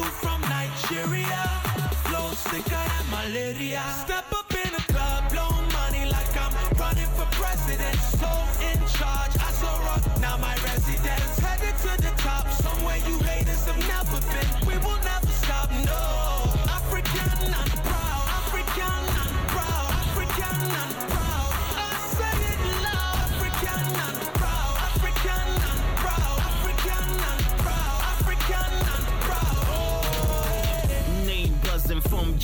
blue from Nigeria. Flow sticker and malaria. Step up in the club, blow money like I'm running for president. So in charge, I so rock, now my resident.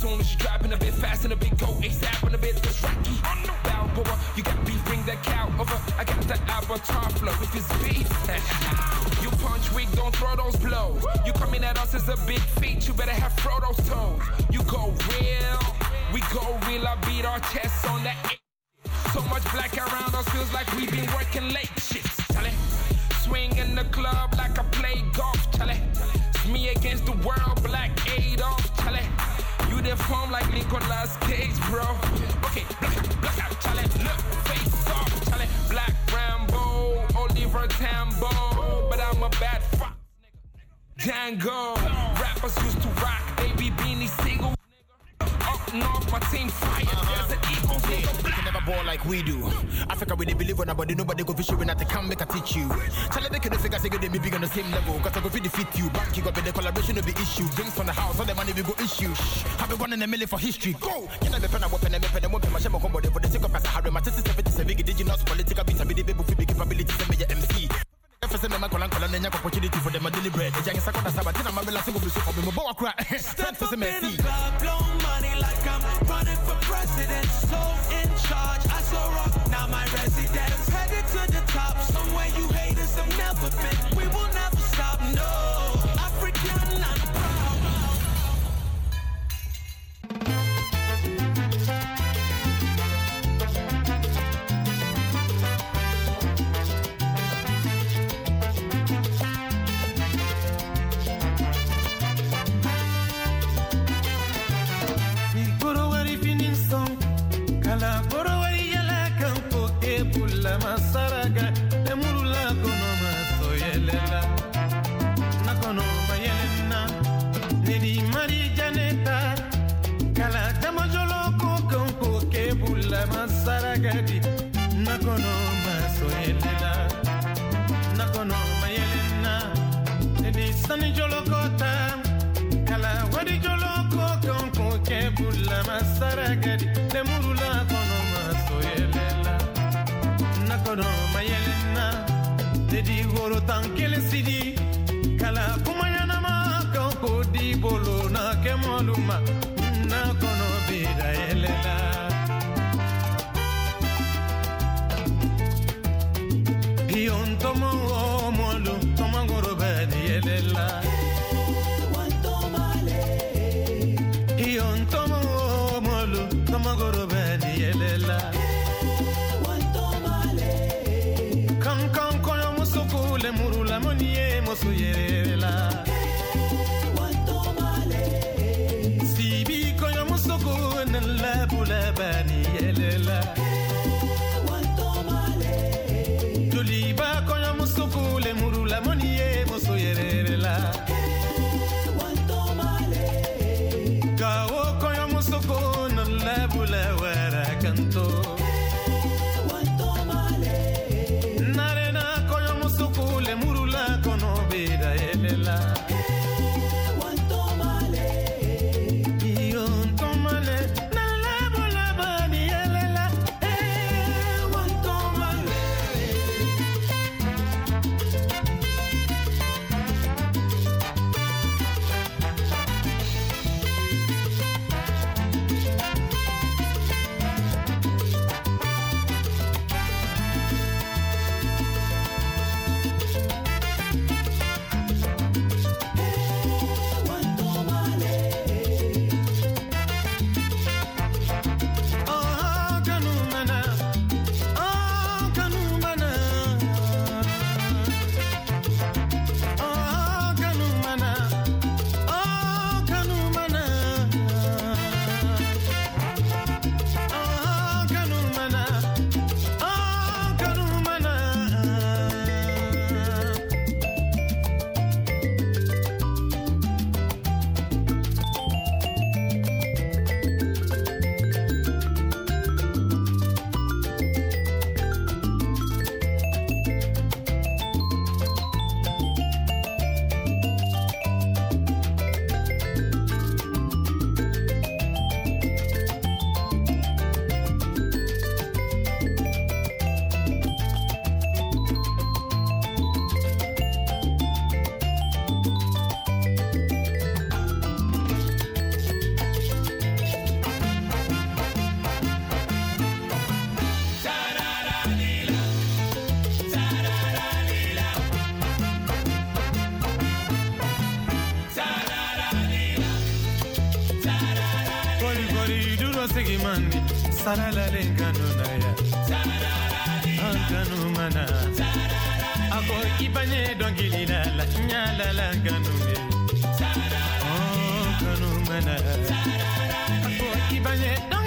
soon as she dropping a bit fast and a bit go ASAP and a bit this Rocky on the Balboa. You got beef, bring that cow over. I got that avatar flow. If it's beef, you punch weak, don't throw those blows. You coming at us as a big feat, you better have Frodo's toes. You go real, we go real. I beat our chests on that. So much black around us feels like we've been working late. Shit, Charlie. Swing in the club like I play golf, Charlie. It's me against the world, black Adolf, Charlie. You form like Lincoln last cage, bro. Okay, black black out, challenge, look, face off, challenge, black Rambo, Oliver Tambo, but I'm a bad fox, Django. Rappers used to rock, baby beanie single. Up north, my team fire ball like we do. Africa, we they believe on nobody, nobody go fish when I can make a teach you. Tell them they can say be on the same level. Cause I go fit defeat you. Back you up in the collaboration of the issue. Drinks on the house, all the money we go issue. Shh. Have been one in a million for history. Go! Can I be pen and weapon and weapon and weapon? My shame on combo, for the sake of us, My have is 77 big indigenous political beats. I be the baby with capabilities and me say me call and call and then for them a deliberate. They me. cry. Step up in the club, blow money like I'm running for president. So in charge, I so rock. Now my residence headed to the top. Somewhere you haters have never been. We will never stop. No. sani joloko tan kala wadi joloko kan kun kɛ bulama saragadi lemurula kɔnɔ maso yɛlɛla nakɔnɔ mayɛlɛna dedi woro tan kelen sidi kala kumayanama kan ko di bolo na kɛ mɔlu ma so ir. saralale ngano na ya ngano mana ako ibanye dongili la la nyala la ngano me ngano ako ibanye dongili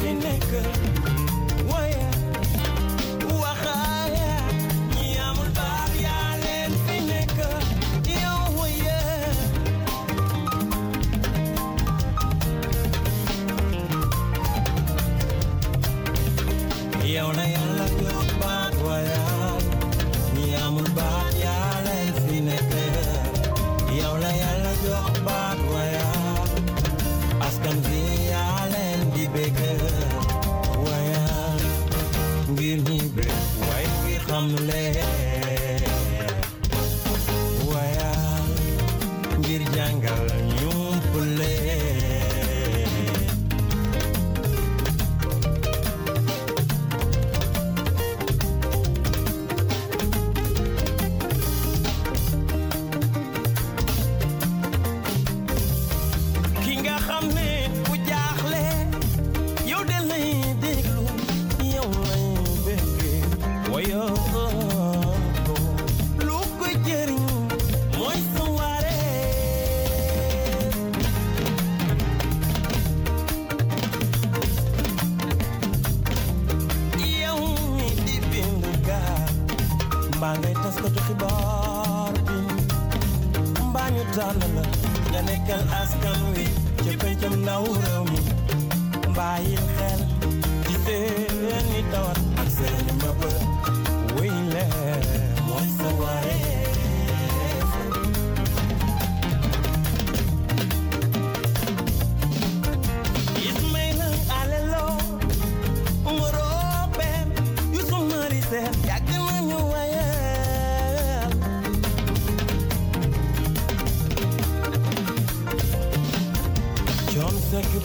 African nigga.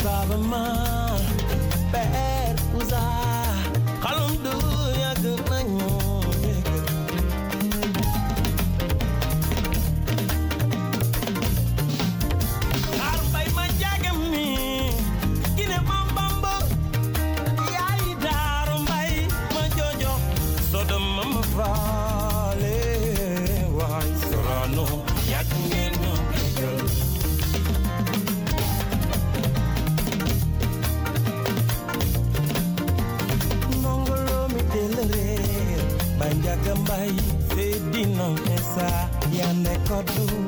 usava mão, pé usava. blue.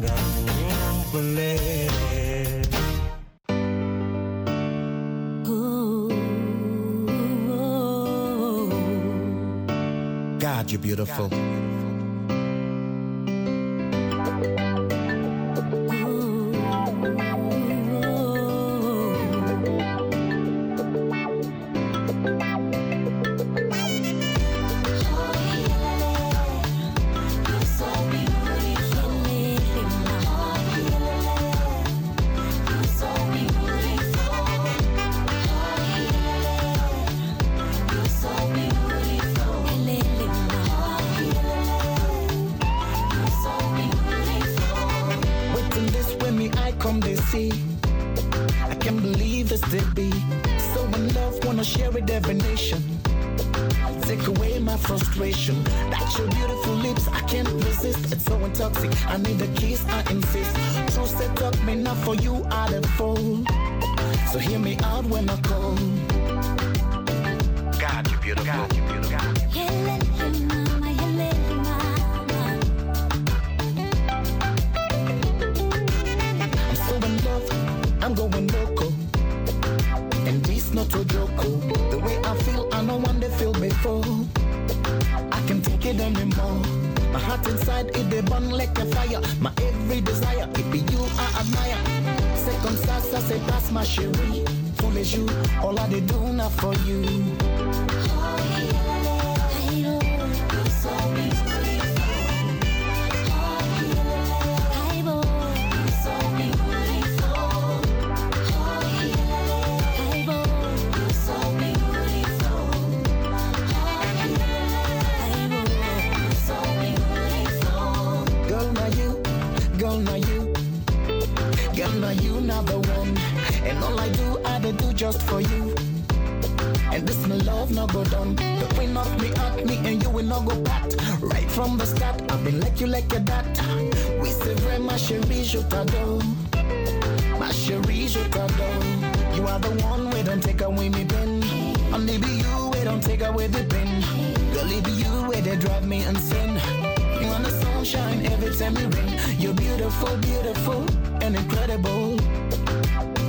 God, you're beautiful. God, you're beautiful. I need the keys, I insist. True set up me not for you, I the fool. So hear me out when I ça, ça se passe ma chérie. Tous les jours, on I do now for you. All I do, I do just for you. And this my love no go done. The queen of me up, me and you will not go pat. Right from the start, I've been like you like your dad. We say very my chérie, je t'adore. My chérie, je t'adore. You are the one we don't take away me pen. Only be you we don't take away the pen. Girl, it be you where they drive me insane. You want the sunshine every time you rain. You're beautiful, beautiful, and incredible.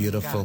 beautiful.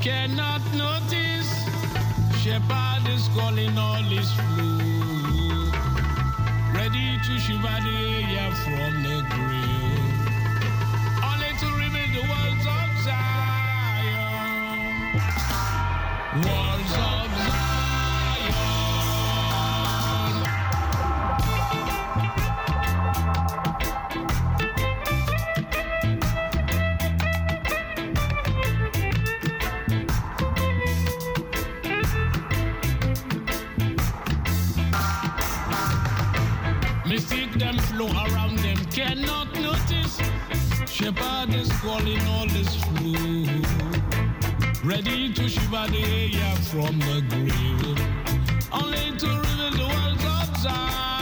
cannot notice. Shepherd is calling all his flock, ready to shiver the air from the grill, Only to remain the words of Zion. One. them flow around them cannot notice. Shepherd is calling all his flow. Ready to shiver the air from the grave. Only to reveal the world's outside.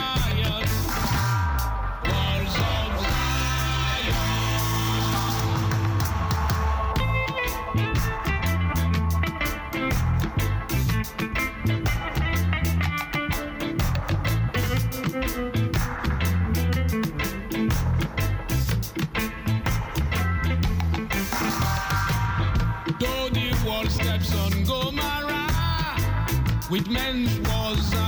meant was. Uh,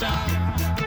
guitar.